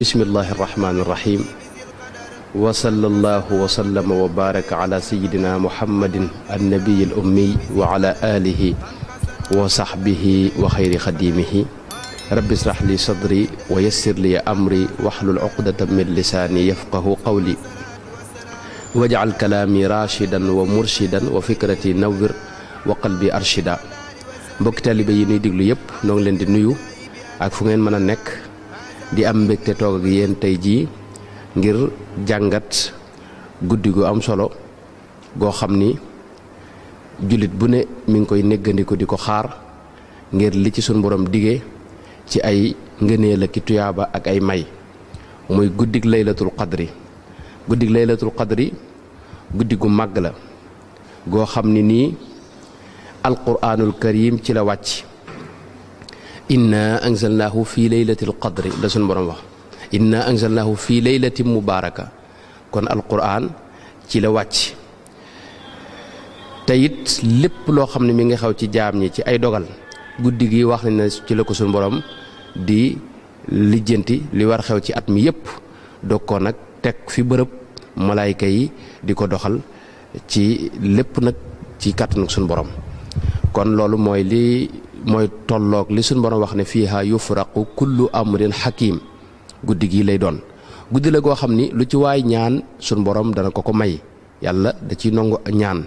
بسم الله الرحمن الرحيم وصلى الله وسلم وبارك على سيدنا محمد النبي الأمي وعلى آله وصحبه وخير خديمه رب اشرح لي صدري ويسر لي أمري واحلل عقدة من لساني يفقه قولي واجعل كلامي راشدا ومرشدا وفكرتي نور وقلبي أرشدا بكتالي بيني yi يب déglu yépp دي نيو leen di nuyu di am mbégte toog ak yéen tey jii ngir jàngat guddi gu am solo goo xam ni jullit bu ne mi ngi koy néggandiku di ko xaar ngir li ci sunu borom digee ci ay ngëneel ak tuyaaba ak ay may muy guddig laylatul qadri guddig laylatul qadri guddi gu màgg la goo xam ni nii alquraanul karim ci la wàcc inna anzalnahu fi laylatil Qadr, la sun borom wax inna anzalnahu fi laylatin mubarakah kon alquran ci la wacc tayit lepp lo xamni mi nga xaw ci jaam ni ci ay dogal guddi gi wax nañ ci la ko sun borom di lijeenti li war xew ci at mi do dog ko nak tek fi beurep malaika yi di doxal ci lepp nak ci kàttanu sun borom kon lolu moy li mooy tolloog li suñ borom wax ne fiiha yufraqu kullu amrin hakim guddi gii lay doon guddi la goo xam ni lu ci waay ñaan suñ borom dana ko ko may yàlla da ciy nangu ñaan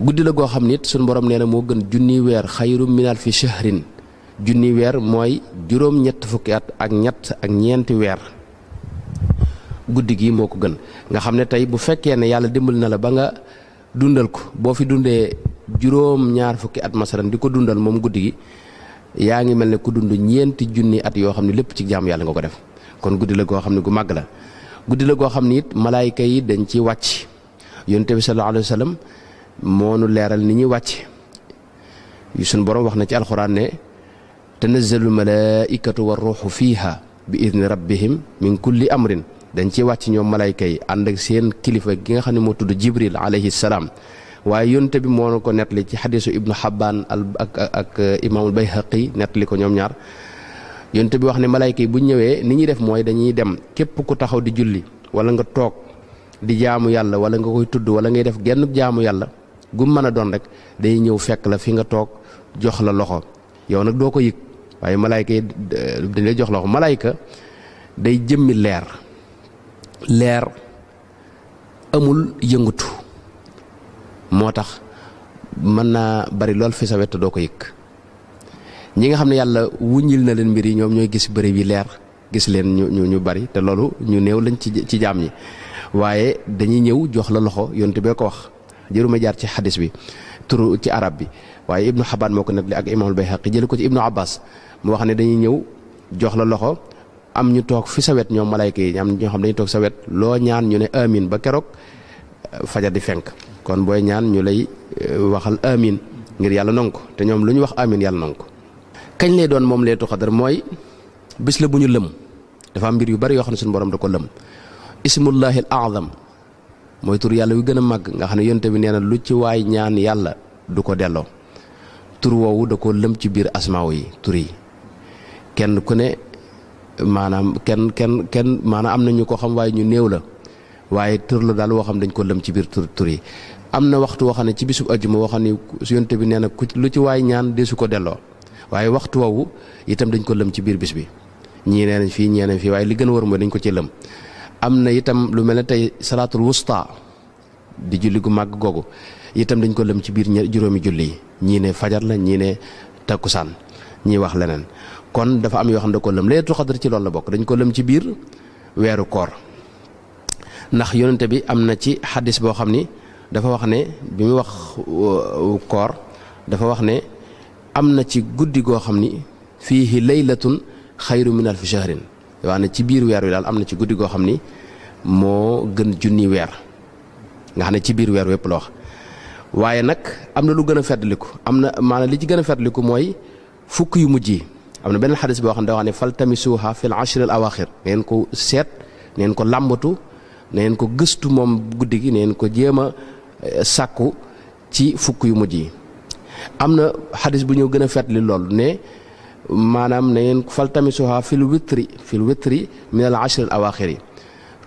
guddi la goo xam ni it suñ borom nee na moo gën junni weer xayru min alfi shahrin junni weer mooy juróom ñett fukki at ak ñett ak ñeenti weer guddi gi moo ko gën nga xam ne tey bu fekkee ne yàlla dimbal na la ba nga dundal ko boo fi dundee juróom ñaar fukki at masalan di ko dundal moom guddi gi yaa ngi mel ne ku dund ñeenti junni at yoo xam ne lépp ci jaam yàlla nga ko def kon guddi la goo xam ne gu màgg la guddi la goo xam ne it malaayka yi dañ ci wàcc yonent bi sallallahu alayhi wa moo nu leeral ni ñuy wàcc suñ borom wax na ci alxuraan ne tanazzalu malaaikatu wa ruuxu fiiha bi idni rabbihim min kulli amrin dañ ci wàcc ñoom malaayka yi ànd ak seen kilifa gi nga xam ne moo tudd jibril alayhi salaam waaye yonte bi moo ko nettali ci xadisu ibnu xabbaan al ak ak imaamul bayhaqi nettali ko ñoom ñaar yonte bi wax ne malayka yi bu ñëwee ni ñuy def mooy dañuy dem képp ku taxaw di julli wala nga toog di jaamu yàlla wala nga koy tudd wala ngay def genn jaamu yàlla gum mën a doon rek day ñëw fekk la fi nga toog jox la loxo yow nag doo ko yëg waaye malayka yi dañ lay jox loxo malayka day jëmmi leer leer amul yëngutu moo tax mën naa bari lool fi sa doo ko yëg ñi nga xam ne yàlla wuññil na leen mbir yi ñoom ñooy gis bëri bi leer gis leen ñu ñu ñu bari te loolu ñu néew lañ ci ci jaam ñi waaye dañuy ñëw jox la loxo yonte bee ko wax jëruma jaar ci xadis bi turu ci arab bi waaye ibnu xabaan moo ko nettali ak imaamul bayhaqi jël ko ci ibnu abbas mu wax ne dañuy ñëw jox la loxo am ñu toog fi sawet wet ñoom malayka yi am ñoo xam dañuy toog sawet loo ñaan ñu ne amin ba keroog fajar di fenk kon booy ñaan ñu lay euh, waxal amin ngir yàlla nangu te ñoom lu ñu wax amin yàlla nangu kañ lay doon moom leetu xadar mooy bis la bu ñu lëm dafa am mbir yu bari yoo xam ne suñu borom da ko lëm ismullahi al azam mooy tur yàlla wi gën a màgg nga xam ne yonte bi nee na lu ci waay ñaan yàlla du ko delloo tur woowu da ko lëm ci biir asmaaw yi tur yi kenn ku ne maanaam kenn kenn kenn maanaam am na ñu ko xam waaye ñu néew la waye tour la dal wo xam dañ ko lëm ci bir tur tur yi am waxtu wo xam ne ci bisub aljuma wo xam ne yonte bi neena lu ci way ñaan desu ko delo waye waxtu woowu itam dañ ko lëm ci bir bis bi ñi neena fi fii ñee nañ li gën wër mo dañ ko ci lëm amna itam lu melni tay salatul wusta di julli gu mag gogu itam dañ ko lëm ci bir juroomi julli ñi ne fajar la ñi ne takusan ñi wax lenen kon dafa am yo xam da ko lëm laylatul xadr ci lool la bok dañ ko lëm ci bir koor ndax yonente bi am na ci xaddis boo xam ni dafa wax ne bi mu wax koor dafa wax ne am na ci guddi goo xam ni fiihi laylatun xayru min alfi shahrin waa ne ci biir weer wi daal am na ci guddi goo xam ni moo gën junni weer nga xam ne ci biir weer wépp la wax waaye nag am na lu gën a feddaliku am na maanaam li ci gën a feddaliku mooy fukk yu mujj yi am na benn xadis boo xam ne da wax ne faltamisuha fil ashri al awaxir ngeen ko seet ngeen ko làmbatu na ngeen ko gëstu moom guddi gi na ko jéem eh, sàkku ci fukk yu mujj yi am na xadis bu ñëw gën a fetli loolu ne maanaam na ngeen faltamisuha fil witri fil witri min al ashr al awaaxir yi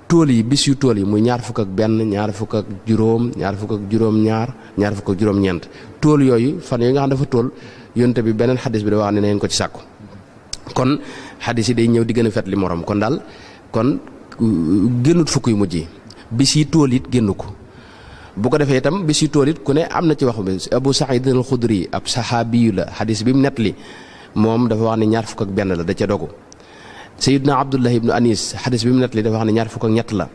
tool yi bis yu tool yi muy ñaar fukk ak benn ñaar fukk ak juróom ñaar fukk ak juróom-ñaar fukk ak juróom-ñeent tool yooyu fan yooyu nga xam dafa tool yonte bi beneen xadis bi da wax ne na ngeen ko ci sàkku kon xadis yi day ñëw di gën a fetli moroom kon dal kon génnut fukk yu mujj yi bis yi tool it génn ko bu ko defee itam bis yi tool yit ku ne am na ci wax bi Abu Saïd al Xudri ab saxaabiyu la xadis bi mu li moom dafa wax ne ñaar fukk ak benn la da ca dogu Sayyidna Abdullah ibnu Anis xadis bi mu nettali dafa wax ne ñaar fukk ñett la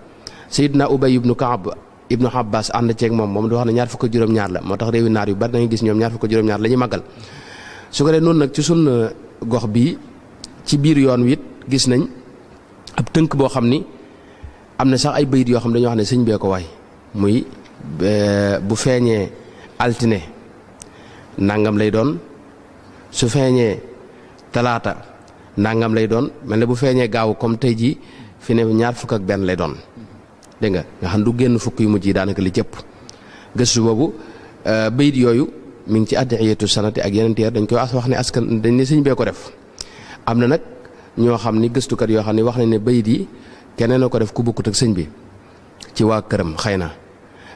Sayyidna Ubay ibnu Kaab ibnu Abbas ànd ceeg moom moom dafa wax ne ñaar fukk ak juróom-ñaar la moo tax réewi naar yu bari da ngay gis ñoom ñaar fukk ak juróom-ñaar la ñuy su ko dee noonu nag ci sun gox bi ci biir yoon wi it gis nañ ab tënk boo xam ni am na sax ay bayit yoo xam dañoo xam ne sëñ bee ko waay muy bu feeñee altine nangam lay doon su feeñee talaata nangam lay doon mel ne bu feeñee gaaw comme tey jii fi ne ñaar fukk ak benn lay doon dégg nga nga xam du génn fukk yu mujj yi daanaka li jëpp gëstu boobu euh, bayit yooyu mi ngi ci addiyeetu sanati ak yeneen teer dañ koy wax ne askan dañ ne sëñ bee ko def am na nag ñoo xam ni gëstukat yoo xam ne wax nañ ne bayit yi keneen a ko def ku bokkut ak sëñ bi ci waa këram xëy na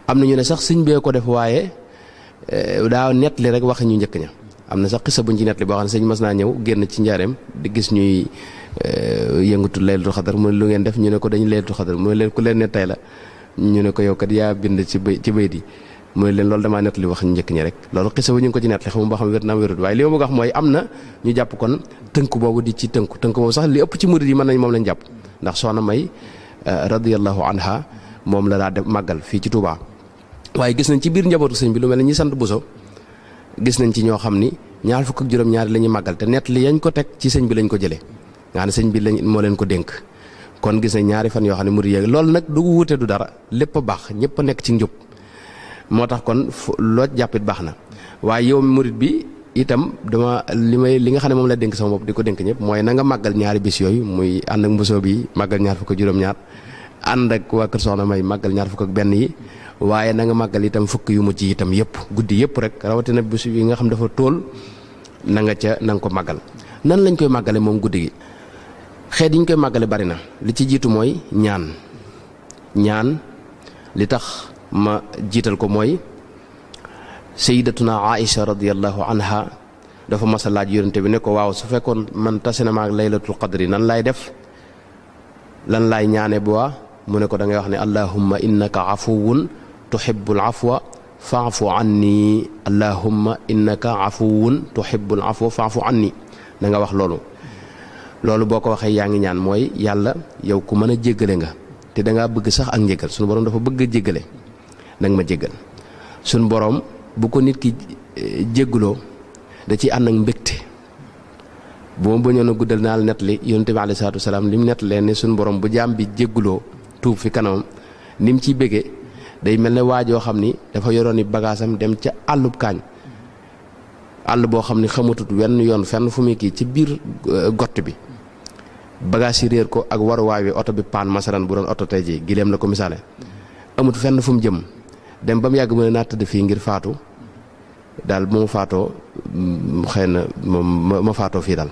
am na ñu ne sax sëñ bee ko def waaye eh, daa nettali rek wax ñu njëkk ña am na sax xisa buñ ci nettali boo xam ne sëñ mas naa ñëw génn ci njaareem di gis ñuy eh, yëngatu laylatul xadar mu lu ngeen def ñu ne ko dañu laylatul xadar mu leen ku leen ne tey la ñu ne ko yow kat yaa bind ci bay ci bayit yi mooy leen loolu damaa nettali wax ñu njëkk ñi rek loolu xisa bu ñu ngi ko ci nettali xamuma boo xam wér naam wérut waaye li ma bëgg a mooy am na ñu jàpp kon tënk boobu di ci tënku tënk boobu sax li ëpp ci murid yi mën nañ moom lañ jàpp ndax soxna May euh, radiyallahu anha moom la daa def màggal fii ci Touba. waaye gis nañ ci biir njabootu sëñ bi lu mel ne ñi sant Bousso gis nañ ci ñoo xam ni ñaar fukk ak juróom-ñaari la ñuy màggal te net li yañ ko teg ci sëñ bi lañ ko jëlee nga xam ne sëñ bi lañ moo leen ko dénk. kon gis nañ ñaari fan yoo xam ne murid yéeg loolu nag du wuute du dara lépp baax ñëpp a nekk ci njub moo tax kon lool jàppit baax na waaye yow murid bi itam dama limay li nga xamne mom la denk sama bop di denk ñep moy na nga magal ñaari bis yoy muy and ak mbosoo bi magal ñaar fuk juroom ñaar and ak wa kër soxna may magal ñaar fuk ak ben yi waye na nga magal itam fuk yu ci itam yep guddi yep rek na bis yi nga xam dafa tool na nga ca na ko magal nan lañ koy màggale mom guddi gi yi ñu koy màggale bari na li ci jitu moy ñaan ñaan li tax ma jital ko moy sayyidatuna aisha radiyallahu anha dafa massa a laaj yonente bi ne ko waaw su fekkon man tase ma laylatul qadr nan lay def lan lay bo mu ne ko da ngay wax ni allahumma innaka afuwun tuhibbul afwa fa'fu anni allahumma innaka afuwun tuhibbul afwa fa'fu anni da nga wax lolu lolu boko waxe yaangi ñaan moy yalla yow ku meuna jéggelé nga te da nga bëgg sax ak jéggel suñu borom dafa bëgg jéggelé nak ma jéggel suñu borom bu ko nit ki eh, jégguloo da ciy ànd ak mbégte bu ma bañoon a guddal naa la nettali yonent bi aleyhi salaatu wa salaam li mu nettalee ne suñu borom bu jaam bi jégguloo tuub fi kanamam ni mu ciy bëggee day mel ne waajoo xam ni dafa yoroon i bagaasam dem ca àllub kaañ àll boo xam ni xamatut wenn yoon fenn fumu kii ci biir eh, gott bi bagage yi réer ko ak waruwaay wi oto bi paan masaran bu doon oto te jii gileem la ko misaale amut fenn fu mu jëm dem ba mu yàgg mu ne naa tëdd fii ngir faatu daal bu ma faatoo mm, xëy na ma faatoo fii daal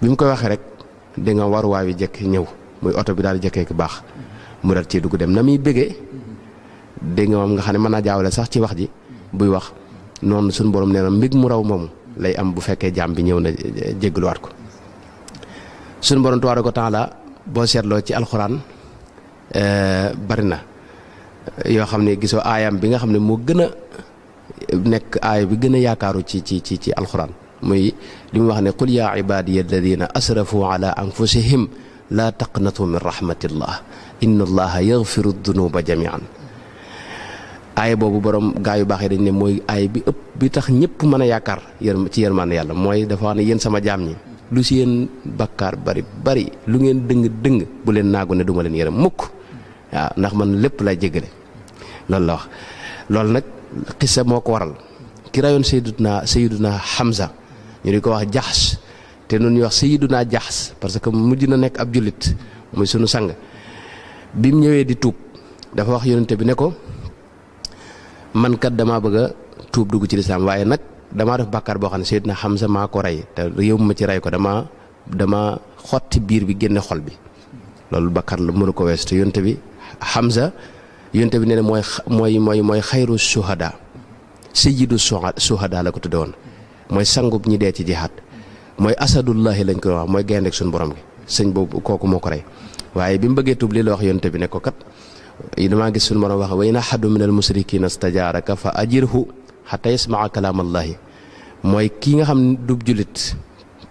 bi mu koy waxee rek di nga war waayu jekk ñëw muy oto bi daal jekkee ki baax mu dal ci dugg dem na muy bëggee dégg nga moom nga xam ne mën naa jaawale sax ci wax ji buy wax noonu sunu borom nee na mbig mu raw moomu lay am bu fekkee jaam bi ñëw na jéggaluwaat ko suñu borom ko wa la boo seetloo ci alxuraan eh, bari na yoo xam ne gisoo aayam bi nga xam ne moo gën a nekk aaya bi gën a yaakaaru ci ci ci ci alxuraan muy li mu wax ne qul yaa ibaadiya alladina asrafu ala anfusihim laa taqnatu min rahmatillah inna allaha yaghfiru dunuba jamian aaya boobu borom gaa yu baax dañ ne mooy aaya bi ëpp bi tax ñëpp mën a yaakaar yër ci yërmaande yàlla mooy dafa wax ne yéen sama jaam ñi lu si yéen bakkaar bari bari lu ngeen dëng dëng bu leen naagu ne duma leen yaram mukk waaw ndax man lépp lay jéggale loolu la wax loolu nag sa moo ko waral ki rayoon sayyiduna sayyiduna Hamza ñu di ko wax jaxas te nun ñuy wax naa jaxas parce que mujj na nekk ab jullit muy sunu sang bi mu ñëwee di tuub dafa wax yonente bi ne ko man kat damaa bëgg a tuub dugg ci lislaam waaye nag damaa def bàkkaar boo xam ne sayyiduna Hamza maa ko rey te yow ma ci rey ko dama dama xotti biir bi génne xol bi loolu bàkkaar la mënu ko wees bi Hamza yonte bi ne na mooy mooy mooy mooy xayru suhada sayyidu suhada la ko tudde woon mooy bu ñi dee ci jihaad mooy asadullahi lañ koy wax mooy gaynde ak suñu borom gi sëñ boobu kooku moo ko rey waaye bi mu bëggee tuub lii la wax yonte bi ne ko kat damaa gis suñu borom wax wa in ahadun min al musrikina stajaaraka fa ajirhu xatta yasmaa kalaamallahi mooy kii nga xam ne du jullit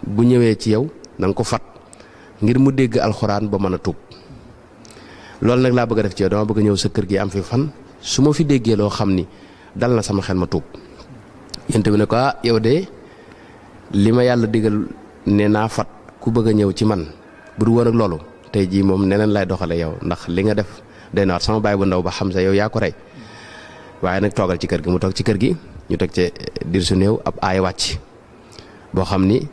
bu ñëwee ci yow na ko fat ngir mu dégg alxuraan ba mën a tuub loolu nag laa bëgg a def ci yow dama bëgg ñëw sa kër gi am fi fan su ma fi déggee loo xam ni dal na sama xel ma tuub yent bi ne ko ah yow de li ma yàlla digal ne naa fat ku bëgg a ñëw ci man bu du woon loolu tey jii moom neneen laay doxale yow ndax li nga def day naat sama baay bu ndaw ba xam sa yow yaa ko rey waaye nag toogal ci kër gi mu toog ci kër gi ñu teg ci diir su néew ab aay wàcc boo xam ni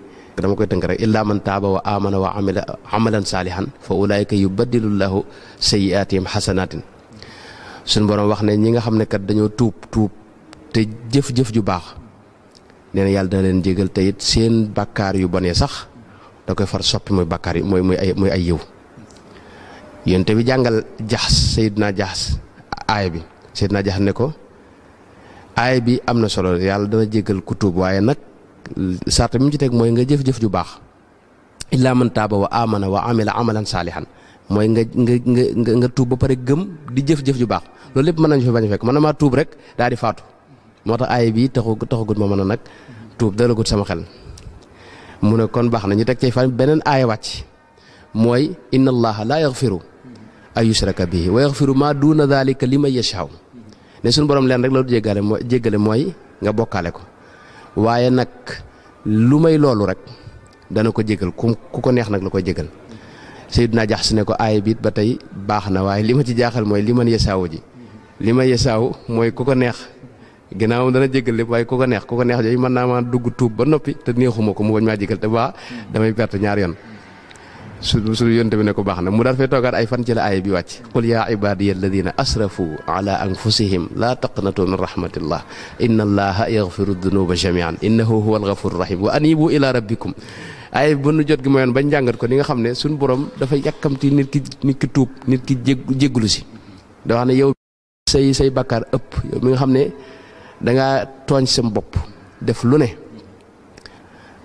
dama koy tënk rek illaa man taaba wa amana wa amila amalan saalihan fa ulaayika yubaddilullahu sayyiaatihim xasanaatin suñ borom wax ne ñi nga xam ne kat dañoo tuub tuub te jëf-jëf ju baax nee na yàlla dana leen jégal te it seen bakkaar yu bonee sax da koy far soppi muy bakkaar yi mooy muy ay muy ay yëw yéen te bi jàngal jaxas Seydina jaxas aaya bi Seydina jaxas ne ko aaya bi am na solo yàlla dana jégal ku tuub waaye nag sart mi ci tek moy nga jëf jëf ju bax illa man taaba wa amana wa amila amalan salihan moy nga nga nga nga tuub ba pare gëm di jëf jëf ju bax loolu lepp mën nañu fi bañ fek fekk tuub rek daal di faatu moo ay bi taxu taxu ma mo a nak tuub gud sama xel mu ne kon bax na ñu tek ci fan benen ay wacc moy inna allaha la yaghfiru ay yushraka bihi wa yaghfiru ma duna dhalika yashaa ne sun borom len rek la moy moy nga bokalé ko waaye nag lu may loolu rek dana ko jégal ku ku ko neex nag la ko koy jégal Seydina jax si ne ko aaya biit ba tey baax na waaye li ma ci jaaxal mooy li man yesaawu ji li ma yesaawu mooy ku ko neex ginnaawam dana jégal lépp waaye ku ko neex ku ko neex jooyu mën naa maa dugg tuub ba noppi te neexuma ko mu bañ maa jégal te baa damay perte ñaar yoon su suñu yonte bi ne ko baax na mu daal fay toogaat ay fan ci la aaya bi wàcc qul yaa ibaadiya alladina asrafu ala anfusihim laa taqnatu min rahmatillah inna allaha yaghfiru dunuba jamian innahu huwa alghafuru rahim wa anibu ila rabbikum aaya bi nu jot gi mooyoon bañ jàngat ko li nga xam ne suñu borom dafa yàkkamti nit ki nit ki tuub nit ki jég jégglu si da wax ne yow say say bakkaar ëpp yow mi nga xam ne danga tooñ sam bopp def lu ne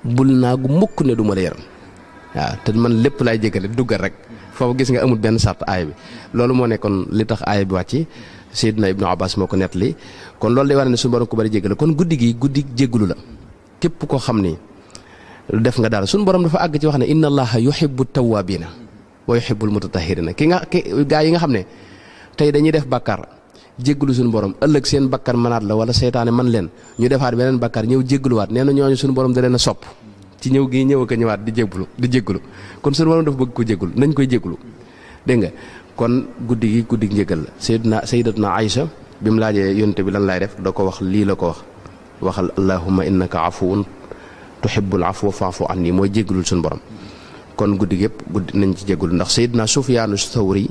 bul naa gu mukk ne du ma la yaram waaw te man lépp laay jéggale duggal rek foofu gis nga amul benn sart aay bi loolu moo nekkoon li tax aay bi wàcc Seydina Ibnu Abbas moo ko nettali kon loolu day war ne suñu borom ko bari jéggale kon guddi gi guddi jéggulu la képp koo xam ni def nga dara suñu borom dafa àgg ci wax ne inna allaha yuhibbu tawwabina wa yuhibbul mutatahhirina ki nga ki yi nga xam ne tey dañuy def bàkkaar jéggalu suñu borom ëllëg seen bàkkaar mënaat la wala seytaane man leen ñu defaat beneen bàkkaar ñëw jéggaluwaat nee na ñooñu sunu borom da leen sopp ci ñëw gi ñëw ak ñëwaat di jéggalu di jéggalu kon suñu borom dafa bëgg ko jéggalu nañ koy jéggalu dégg nga kon guddi gi guddi njëgal la sayyiduna sayyidatuna Aïcha bi mu laajee yonte bi lan laay def da ko wax lii la ko wax waxal allahumma innaka afuwun tuhibbul afwa fa'fu anni mooy jéggalul suñu borom kon guddi yëpp guddi nañ ci jégalu ndax sayyiduna Sufyaanu Sawri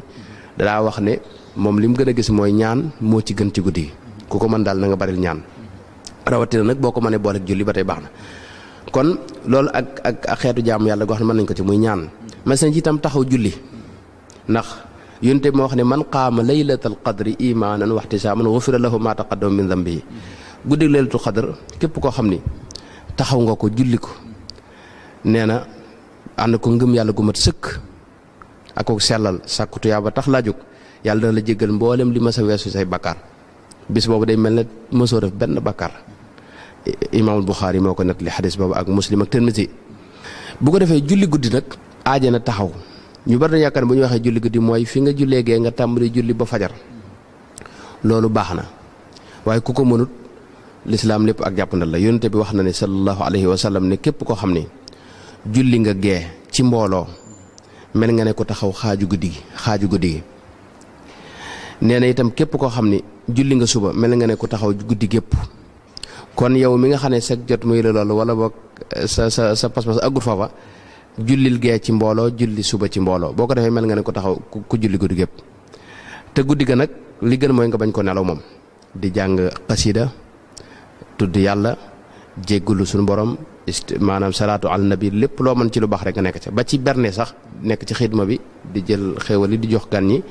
danaa wax ne moom li mu gën a gis mooy ñaan moo ci gën ci guddi gi ku ko mën daal na nga baril ñaan rawatina nag boo ko mënee booleeg julli ba tey baax na kon lol ak ak xéetu xeetu yalla go xamna man nañ ko ci muy ñaan man sañ ci tam taxaw julli nax yunte mo xam man qama laylatul qadri wa ihtisaman lahu ma taqaddama min dhanbi guddig laylatul qadr kep ko xamni taxaw nga ko julli ko neena and ko ngeum yalla gu mat sëkk ak ko sellal sàkku ba tax laa jóg yàlla dana la jéggal mboolem li ma sa wessu say bakar bis bobu day melne def ben bakar Imam Bukhari moko nak li hadith bobu ak muslim ak tirmisi bu ko defee julli guddi nak aljana taxaw ñu bari na yaakaar ne bu ñu waxee julli guddi moy fi nga julle ge nga tambali julli ba fajar lolu baxna waye kuko mënut lislaam lépp ak la yonente bi wax na ne sallallahu alayhi wa sallam ne kep ko xamni julli nga ge ci mbolo mel nga ne ko taxaw xaju guddi xaju guddi neena itam kep ko xamni julli nga suba mel nga ne ko taxaw guddi gep kon yow mi nga xam sax jot muy la wala bok eh, sa sa sa pas pass agul fafa jullil ge ci mbolo julli suba ci mbolo boko ko mel nga ne ko taxaw ku julli guddi gep te guddi ga nak li gën moy nga bañ ko nelaw mom di jang qasida tuddi yalla jéggulu sun borom manam salatu al nabi lepp lo man ci lu bax rek nek ci ba ci berne sax nek ci xidma bi di jël xewal di jox gan ñi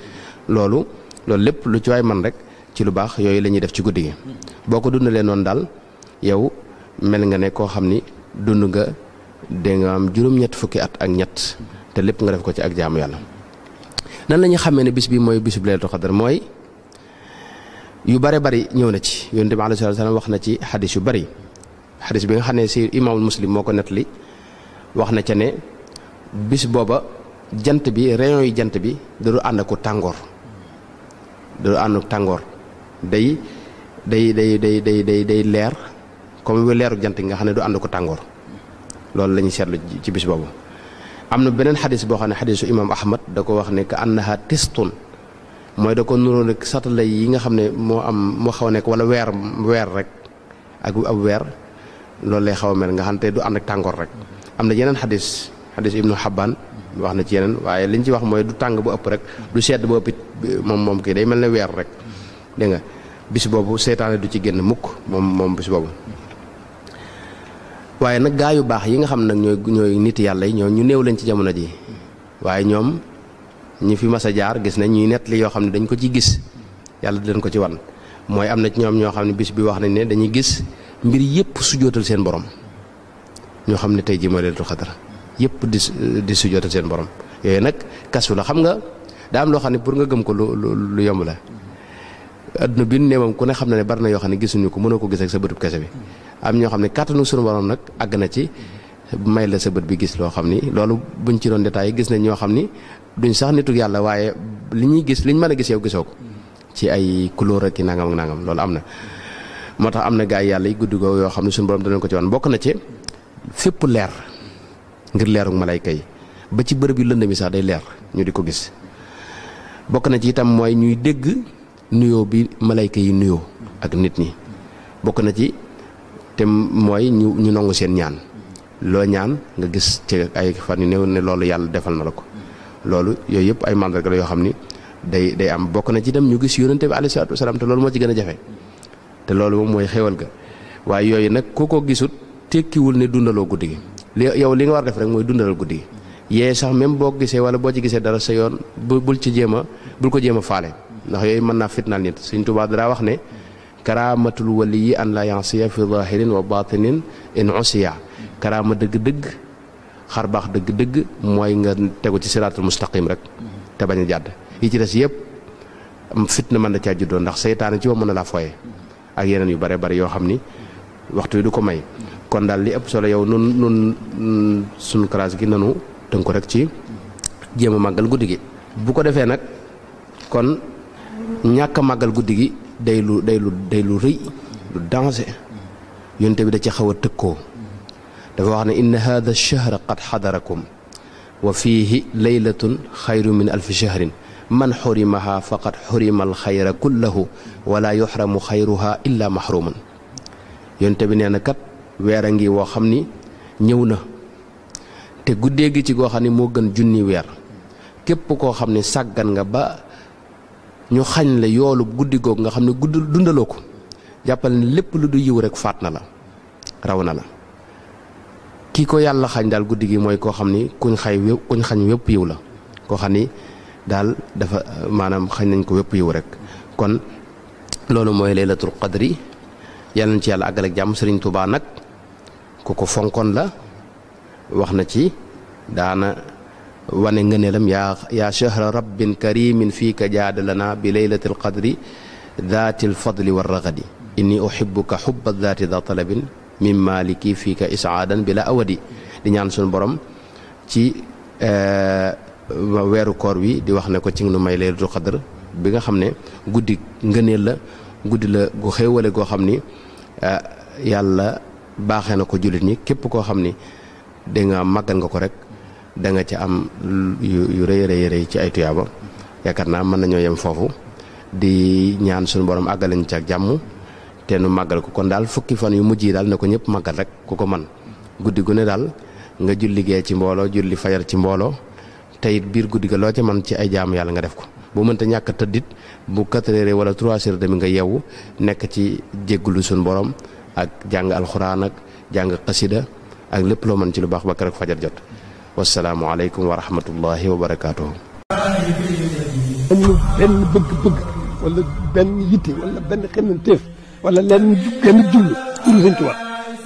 lolu lolu lepp lu ci way man rek ci lu bax yoy lañuy def ci guddi boko dundale non dal yow mel nga ne ko xamni ni dund nga de nga am juróom ñet fukki at ak ñet te lepp nga def ko ci ak jaamu yalla nan lañu xamé ne bis bi mooy bisub laylatul qadr moy yu bare bari ñew na ci yonent sallallahu alayhi wasallam wax na ci hadith yu bari hadith bi nga xamné ne imam muslim moko netli wax na ca ne bis boba jant bi rayon yi jant bi do do ànd ko tàngoor do du ànd day day day day day day day leer comme leeru jant nga xam du ànd ko tangor lol lañu setlu ci bis bobu amna benen hadith bo imam ahmad dako wax ne ka annaha tistun moy dako nuro nek nag yi nga xamne ne am mo xaw nek wala wer wer rek ak ab wer lol lay xaw mel nga xante du and ak tangor rek amna yenen hadith hadith ibnu Habban wax na ci yenen waye liñ ci wax moy du tang bu upp rek du sedd bo pit mom mom ki day mel wer rek de nga bis bobu seetaane du ci genn mukk mom mom bis bobu waye nak gaay yu bax yi nga xam nak ñoy ñoy nit yalla ñoo ñu neew lañ ci jamono ji waye ñom ñi fi massa jaar gis na ñuy net li yo xam dañ ko ci gis yalla di ko ci wan moy amna ci ñom ño xam bis bi wax nañ ne dañuy gis mbir yépp sujootal seen borom ño xam tay ji mo leen laylatul khatar yépp di di sujootal seen borom yoy nak kasu la xam nga da am lo xam pour nga gëm ko lu lu yomb la bi ne ku ne ne bari na ko ko gis ak sa bëtu bi am ñoo xam ne kàttanu sunu borom nag àgg na ci may la sa bët bi gis loo xam ni loolu buñ ci doon détaillé gis na ñoo xam ni duñ sax nituk yàlla waaye li ñuy gis liñ mën a gis yow gisoo ko ci ay couleur ak nangam ak nangam loolu am na moo tax am na gaa yàlla yi guddi googu yoo xam ne suñu borom danañ ko ci wan bokk na ci fépp leer ngir leerug malayka yi ba ci bërëb yu lënd mi sax day leer ñu di ko gis bokk na ci itam mooy ñuy dégg nuyoo bi malayka yi nuyoo ak nit ñi bokk na ci te mooy ñu ñu nangu seen ñaan loo ñaan nga gis ci ay fan yu néew ne loolu yàlla defal na la ko loolu yooyu yëpp ay mandarga la yoo xam ni day day am bokk na ci dem ñu gis yónnante bi alayhi salaatu wasalaam te loolu moo ci gën a jafe te loolu moom mooy xéwal ga waaye yooyu nag ku ko gisut tekkiwul ne dundaloo guddi gi li yow li nga war a def rek mooy dundalal guddi gi yee sax même boo gisee wala boo ci gisee dara sa yoon bul ci jéem a bul ko jéem a faale ndax yooyu mën naa fitnaal nit Sëñ Tuubaa dara wax ne karamatul waliyi an la yansiya fi zahirin wa batinin in usiya karama dëgg-dëgg xar baax dëgg-dëgg mooy nga tegu ci siratul mustaqim rek te bañ a yi ci des yépp fitna mën na caa juddoo ndax seytaane ci wa mën na foye ak yeneen yu bare bare waxtu yi du ko may kon li solo yow nun nun sun classe gi nanu tënku rek ci jéem a màggal bu ko kon ñàkk màggal guddi day lu day lu rëy lu danger yonte bi da ci xaw a tëkkoo dafa wax ne inna hada shahra qad xadarakum wa fiihi laylatun xayru min alfi shahrin man xurimaha faqad xurima alxayra kullahu wala yuxramu xayruha illa maxrumun yonte bi nee na kat weer a ngi woo xam ni ñëw na te guddee gi ci goo xam ni moo gën junni weer képp koo xam ni sàggan nga ba ñu xañ la yoolu guddi googu nga xam ne gudd dundaloo ko jàppal ne lépp lu du yiw rek faat na la raw na la kii ko yàlla xañ daal guddi gi mooy koo xam ni kuñ xay kuñ xañ wépp yiw la koo xam ni daal dafa maanaam xañ nañ ko wépp yiw rek kon loolu mooy laylatul qadri yàlla na ci yàlla àggal ak jàmm Sëriñ Tuubaa nag ku ko fonkoon la wax na ci daana wane ngëneelam yaa yaa chahra rabbin karimin fiika jaadalana bi laylati alqadri daati alfadli warragadi inni uhibbuka hubba daati da talabin min maliki fiika isaadan bila awadi di ñaan suñu borom ci weeru koor wi di wax ne ko ci nu may laylatul qadr bi nga xam ne guddi ngëneel la guddi la gu xéewale goo xam ni yàlla baaxee na ko jullit ñi képp koo xam ni da nga màggal nga ko rek da nga ci am yu reey reey reey ci ay tuyaaba yaakaar naa mën nañoo yem foofu di ñaan suñu borom àggalañ ci ak jàmm te nu màggal ko kon daal fukki fan yu mujj yi daal na ko ñëpp màggal rek ku ko man guddi gu ne daal nga julligee ci mbooloo julli fajar ci mbooloo te it biir guddi ga loo ca man ci ay jaamu yàlla nga def ko bu mënta ñàkk tëddit bu 4 heures wala 3 heures demi nga nekk ci jéggulu suñu borom ak jàng alxuraan ak jàng xasida ak lépp loo man ci lu baax bakkar ak fajar jot والسلام عليكم ورحمة الله وبركاته بن ولا بن يتي ولا بن خنتيف ولا لن بن جل كل هنتوا